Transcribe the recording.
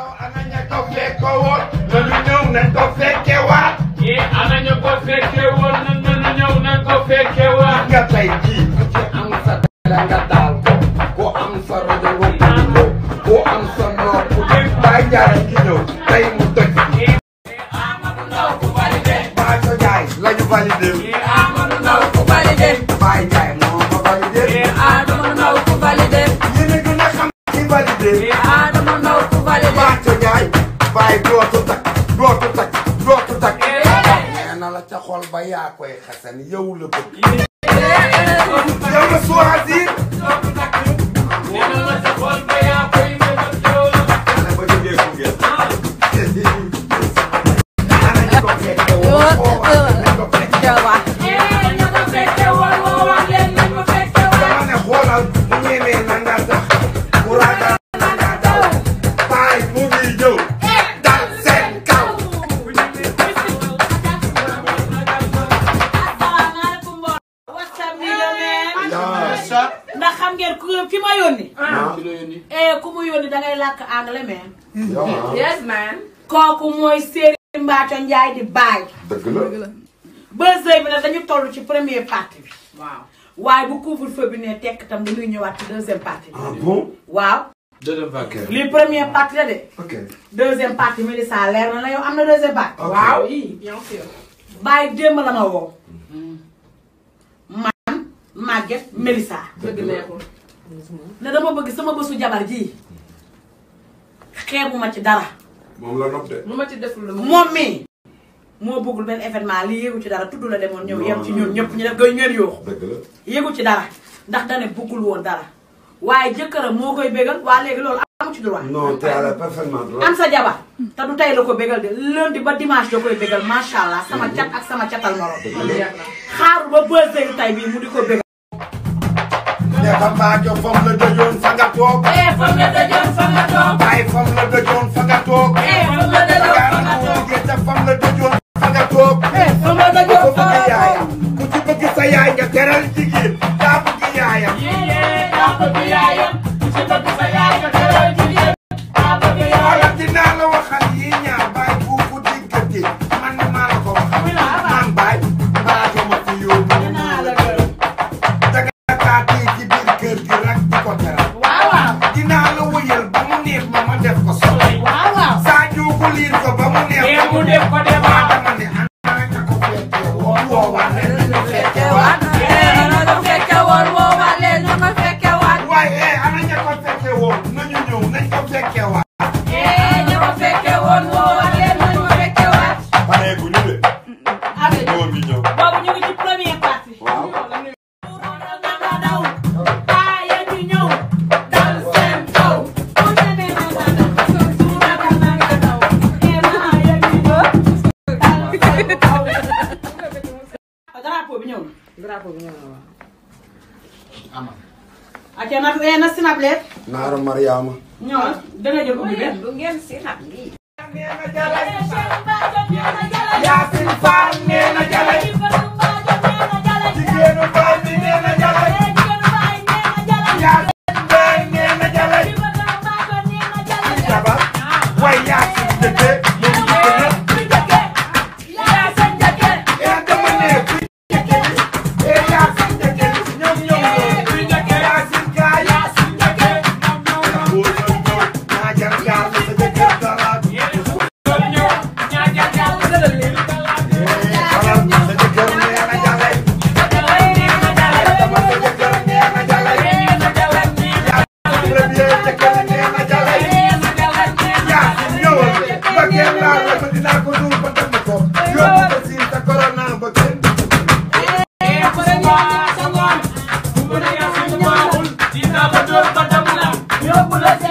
waaw ana ña ko fekke woon nanu ñëw nañ ko fekke waat ñi ana ña ko fekke woon nanu ñëw nañ ko fekke waat nga tey jii ku ci am sa dara nga daal ko ku am sa rajo nga ko ku am sa nopp bay njaay ngi ñëw tey mu toj ñi Amadou Ndaw ku validé Baay Njaay lañu validé ñi Amadou Ndaw ku validé Baay Njaay xol ba yaa koy xasan yow la bëgg yow la choisir ndax xam ngeen ku fi ma yónni. Ah. ah ki la yónni. Eh, ku mu yónni dangay làkk anglais ah. kooku mooy Serigne Mbathio Ndiaye di baay. dëgg la. bi nag dañu toll ci première partie bi. waaw waaye bu couvre-feu bi ne tekk tam dañuy ñëwaat ci deuxième partie bi. ah bon waaw. deuxième partie li première partie la de. ok deuxième mi di saa leer na la yow am na deuxième partie. waaw oui bien sûr. bàyyi la ma woo. Mhm. Maguette Mélissa. dëgg neexul ne dama bëgg sama bësu jabar jii bu ma ci dara. moom la nopp ma ci deful la moom mii. moo bëggul benn événement li yéegu ci dara tudd la demoon ñëw yem ci ñun ñëpp ñu def gëj ngeen yooxu. dëgg la yéegu ci dara ndax dane bëggul woon dara waaye jëkkëram moo koy bégal waa léegi loolu amu ci droit. non te ala am sa jabar te du tey la ko bégal de lundi ba dimanche la koy bégal macha allah sama cat ak sama catal morom. dëgg la xaaru ba bës tay bii mu di ko bégal. Dafa maa jox fam la dëjoon fa nga toog. Eh fam la forward. ɓognonowa aman a kenat ena sinap le naaro mariama ñoon danga jog ubbi ɓe du ngeen sinap li nena jala yasin faan nena jala jigéenu mbaay mi nena jala yasin mbaay nena jala jabar way yasin dëkke la